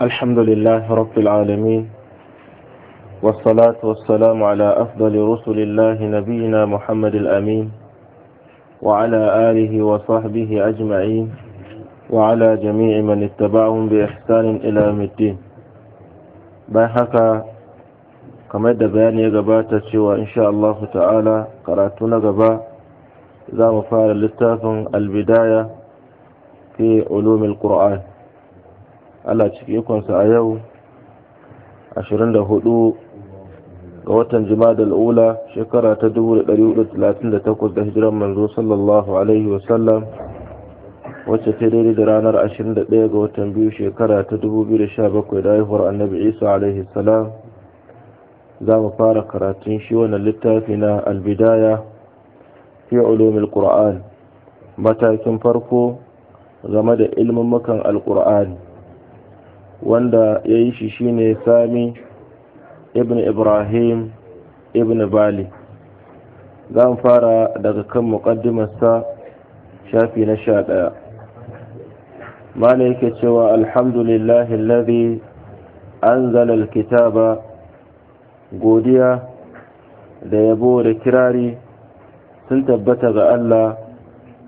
الحمد لله رب العالمين والصلاة والسلام على أفضل رسل الله نبينا محمد الأمين وعلى آله وصحبه أجمعين وعلى جميع من اتبعهم بإحسان إلى يوم الدين haka kamar da bayani ya gabata cewa insha Allah ta'ala karatu na gaba za mu fara littafin albidaya fi ulumil qur'an Allah ciki ikonsa a yau 24 ga watan Jumadal Ula shekara ta 1438 da hijiran manzo sallallahu alaihi wasallam wacce ta daidai da ranar 21 ga watan biyu shekara ta 2017 da haihuwar annabi Isa alaihi salam za mu fara karatun shi wannan littafi na albidaya fi ulumul qur'an matakin farko game da ilmin makan alqur'ani wanda ya yi shi shine sami ibn ibrahim ibn bali za mu fara daga kan muƙaddimarsa shafi na sha ɗaya mana yake cewa alhamdulillahi lalazi an zalar kitaba godiya da yabo da kirari sun tabbata ga Allah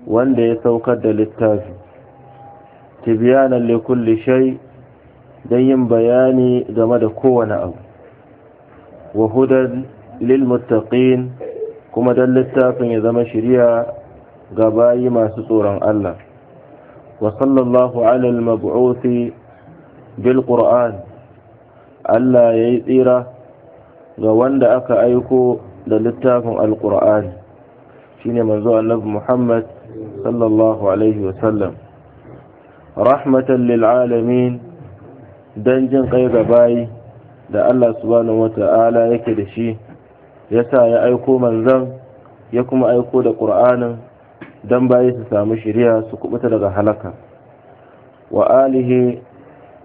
wanda ya saukar da littafi tibiyanan likulli shai don yin bayani game da kowane abu wa hudar lilmuttaqin kuma don littafin ya zama shirya ga bayi masu tsoron Allah wa sallallahu ala mabuthi bil qur'an Allah yayi tsira ga wanda aka aiko da littafin al-qur'an shine manzo annabi Muhammad sallallahu alaihi wa sallam rahmatan lil alamin don jin kai ga bayi da Allah subhanahu wata'ala yake da shi ya sa ya aiko manzan ya kuma aiko da ƙur'anin don bayi su samu shiriya su kubuta daga halaka wa alihi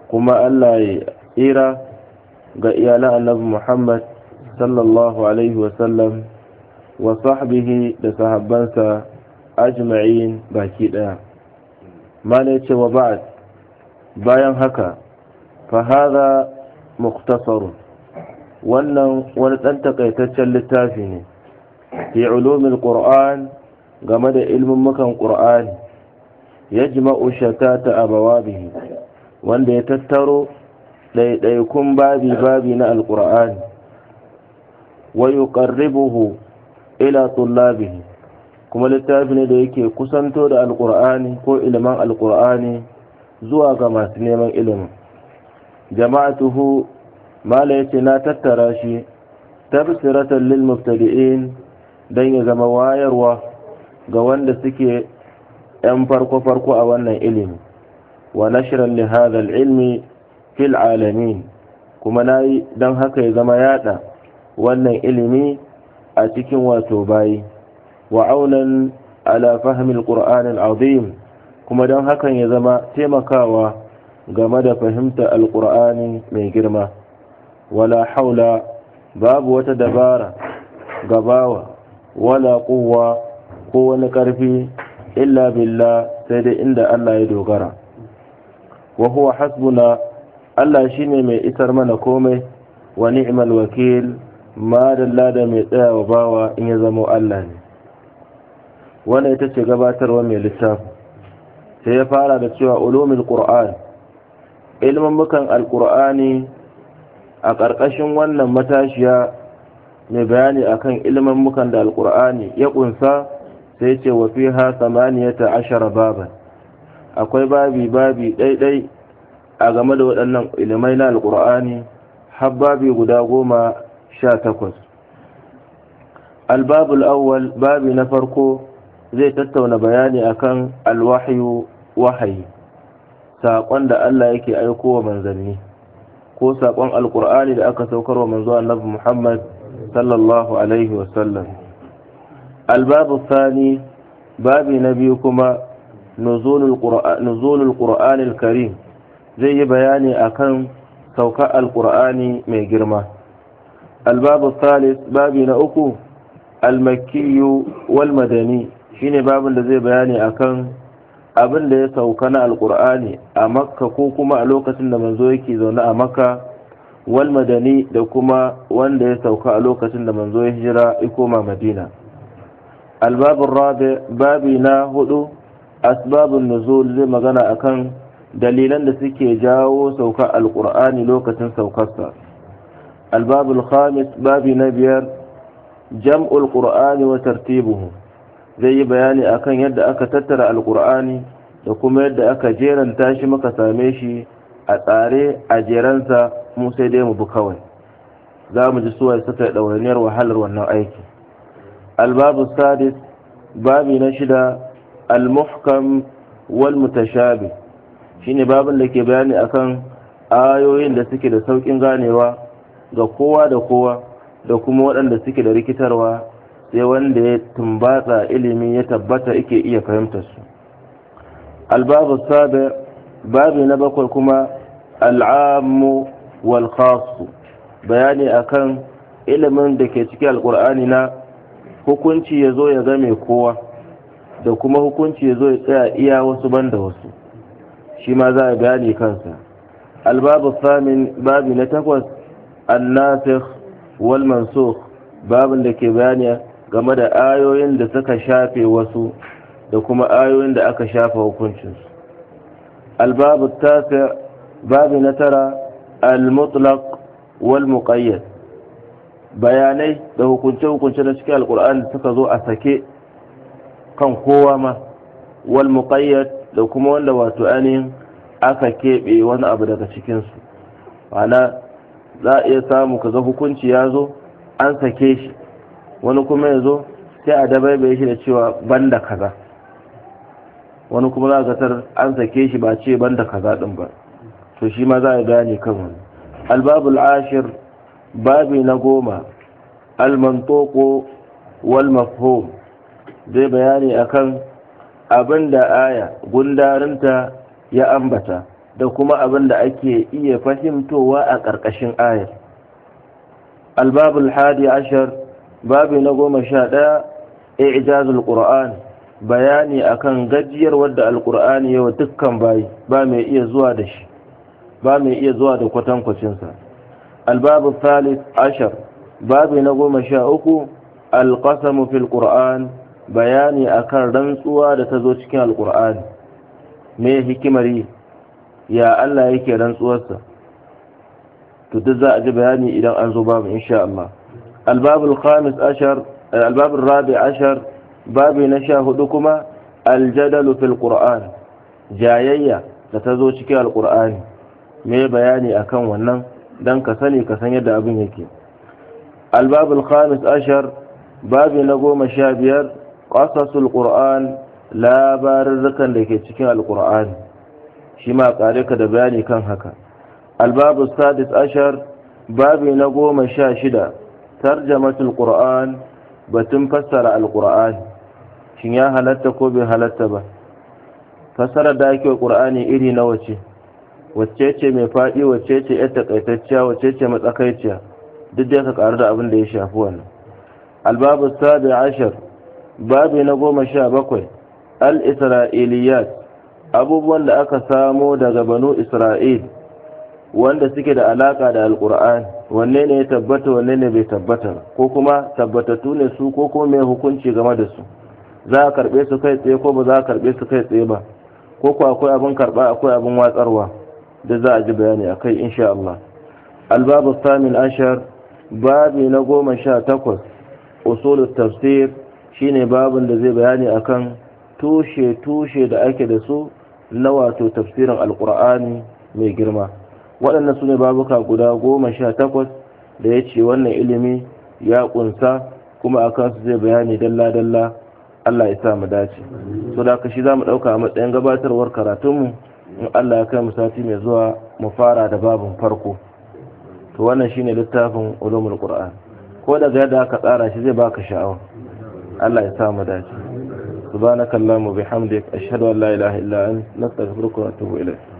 kuma Allah ya tsira ga iyalan annabi Muhammad sallallahu alaihi wasallam wa sahbihi da sahabbansa ajma'in baki ɗaya. ya ce wa ba'ad bayan haka fahaza muktasarun wannan wani ɗan takaitaccen littafi ne fi ulumin qur'an game da ilmin makan qur'ani ya jima'u shatata abawabihi wanda ya tattaro ɗaiɗaikun babi-babi na alƙur'ani wa yuqarribuhu ila tullabihi kuma littafi ne da yake kusanto da alƙur'ani ko ilimin alƙur'ani zuwa ga masu neman ilimin jama'atuhu mala yace na tattara shi tabsiratan lil mubtadi'in dan ya zama wayarwa ga wanda suke yan farko farko a wannan ilimi wa nashran li hadha al ilmi fil alamin kuma nayi dan haka ya zama yada wannan ilimi a cikin wato bayi wa aunan ala fahmi al azim kuma dan hakan ya zama taimakawa game da fahimta alƙur'ani mai girma wala haula babu wata dabara gabawa wala kowa ko wani ƙarfi illa billah sai dai inda Allah ya dogara wa huwa hasbuna Allah shine mai isar mana komai wa ni'mal wakil ma dalla da mai tsayawa bawa in ya zamo Allah ne wannan ita ce gabatarwa mai littafi sai ya fara da cewa ulumul qur'an ilmammukan alkur'ani a ƙarƙashin wannan matashiya mai bayani akan ilmammukan da alkur'ani ya ƙunsa sai ce wa fiha samaniyata ashara baban akwai babi babi ɗaiɗai a game da waɗannan ilimai na alkur'ani har babi guda goma sha takwas albabul awwal babi na farko zai tattauna bayani akan alwahyu wahayi saƙon da Allah yake aiko wa manzanni ko saƙon alƙur'ani da aka saukar wa manzo annabi Muhammad sallallahu alaihi wasallam albabu sani babi na biyu kuma nuzulul qur'an al-karim zai yi bayani akan sauka alƙur'ani mai girma albabu salis babi na uku al-makki wal madani shine babin da zai bayani akan abin da ya sauka na alkur'ani a makka ko kuma a lokacin da manzo yake zaune a makka wal madani da kuma wanda ya sauka a lokacin da manzo ya hijira ya koma madina albabin rabi babi na hudu asbabun nuzul zai magana akan dalilan da suke jawo sauka alkur'ani lokacin saukarsa albabul khamis babi na biyar jam'ul qur'ani wa tartibuhu zai yi bayani akan yadda aka tattara alkur'ani da kuma yadda aka jeranta shi muka same shi a tsare a jeransa mu sai dai mu bi kawai za mu ji suwa suka kai ɗawainiyar wahalar wannan aiki albabu sadis babi na shida almuhkam wal mutashabi shine babin da ke bayani akan ayoyin da suke da sauƙin ganewa ga kowa da kowa da kuma waɗanda suke da rikitarwa sai wanda ya tumbatsa ilimi ya tabbata yake iya fahimtar su albabu sabi babi na bakwai kuma al'amu wal khasu bayani akan ilimin da ke cikin alkur'ani na hukunci ya zo ya game kowa da kuma hukunci ya zo ya tsaya iya wasu banda wasu shi ma za a bayani kansa albabu samin babi na takwas annasir wal mansur babin da ke bayani game da ayoyin da suka shafe wasu da kuma ayoyin da aka shafa hukuncinsu albabu tafi babi na tara al-mutlaq wal muqayyad bayanai da hukunce-hukunce na cikin alkur'ani da suka zo a sake kan kowa ma wal muqayyad da kuma wanda wato ainihin aka keɓe wani abu daga cikinsu ma'ana za a iya samu kaza hukunci ya zo an sake shi wani kuma ya zo sai a dabaibaye shi da cewa banda kaza wani kuma za a gatar an sake shi ba ce banda kaza din ba to shi ma za a gane kan wani albabul ashir babi na goma almantoko wal mafhum zai bayani akan abin da aya gundarinta ya ambata da kuma abin da ake iya fahimtowa a ƙarƙashin ayar albabul hadi ashar babi na goma sha ɗaya i'jazul ƙura'an bayani a kan gajiyar wadda alqur'ani yawa dukkan bayi ba mai iya zuwa da shi ba mai iya zuwa da kwatankwacinsa albabu thalith ashar babi na goma sha uku alqasamu fil qur'an bayani kan rantsuwa da ta zo cikin alqur'ani me hikimar yi ya Allah yake rantsuwarsa to duk za a ji bayani idan an zo babu insha Allah الباب الخامس عشر الباب الرابع عشر باب نشاهدكما الجدل في القرآن جايية تتزو شكي القرآن مي بياني أكم ونم دن كسني كسن يد يكي الباب الخامس عشر باب نقوم شابير قصص القرآن لا بارزكا لكي شكي القرآن شما قاريك دبياني كان هكا الباب السادس عشر باب نقوم شاشدة tarjamatul qur'an batun fassara alqur'ani shin ya halatta ko bai halatta ba Fassara da ake qur'ani iri nawa ce wacce ce mai faɗi wacce ce yar takaitacciya wacce ce matsakaiciya duk da ka karu da abin da ya shafi wannan albabu sabi ashar babi na goma sha bakwai al-isra'iliyat abubuwan da aka samo daga banu isra'il wanda suke da alaka da alkur'ani wanne ne ya tabbata wanne ne bai tabbata ko kuma tabbatattu ne su ko kuma mai hukunci game da su za a karbe su kai tsaye ko ba za a karbe su kai tsaye ba ko ko akwai abin karba akwai abin watsarwa da za a ji bayani akai insha Allah albabu samin ashar babi na goma sha takwas usulul tafsir shine babin da zai bayani akan tushe tushe da ake da su na wato tafsirin alkur'ani mai girma waɗannan su ne babuka guda goma sha takwas da ya ce wannan ilimi ya ƙunsa kuma a kansu zai bayani dalla-dalla Allah ya sa mu dace so da ka shi za mu ɗauka a matsayin gabatarwar karatunmu in Allah ya kai mu sati mai zuwa mu fara da babin farko to wannan shine littafin ulumul qur'an ko daga yadda aka tsara shi zai baka sha'awa Allah ya sa mu dace subhanakallahumma bihamdik ashhadu an la ilaha illa anta nastaghfiruka wa atubu ilayk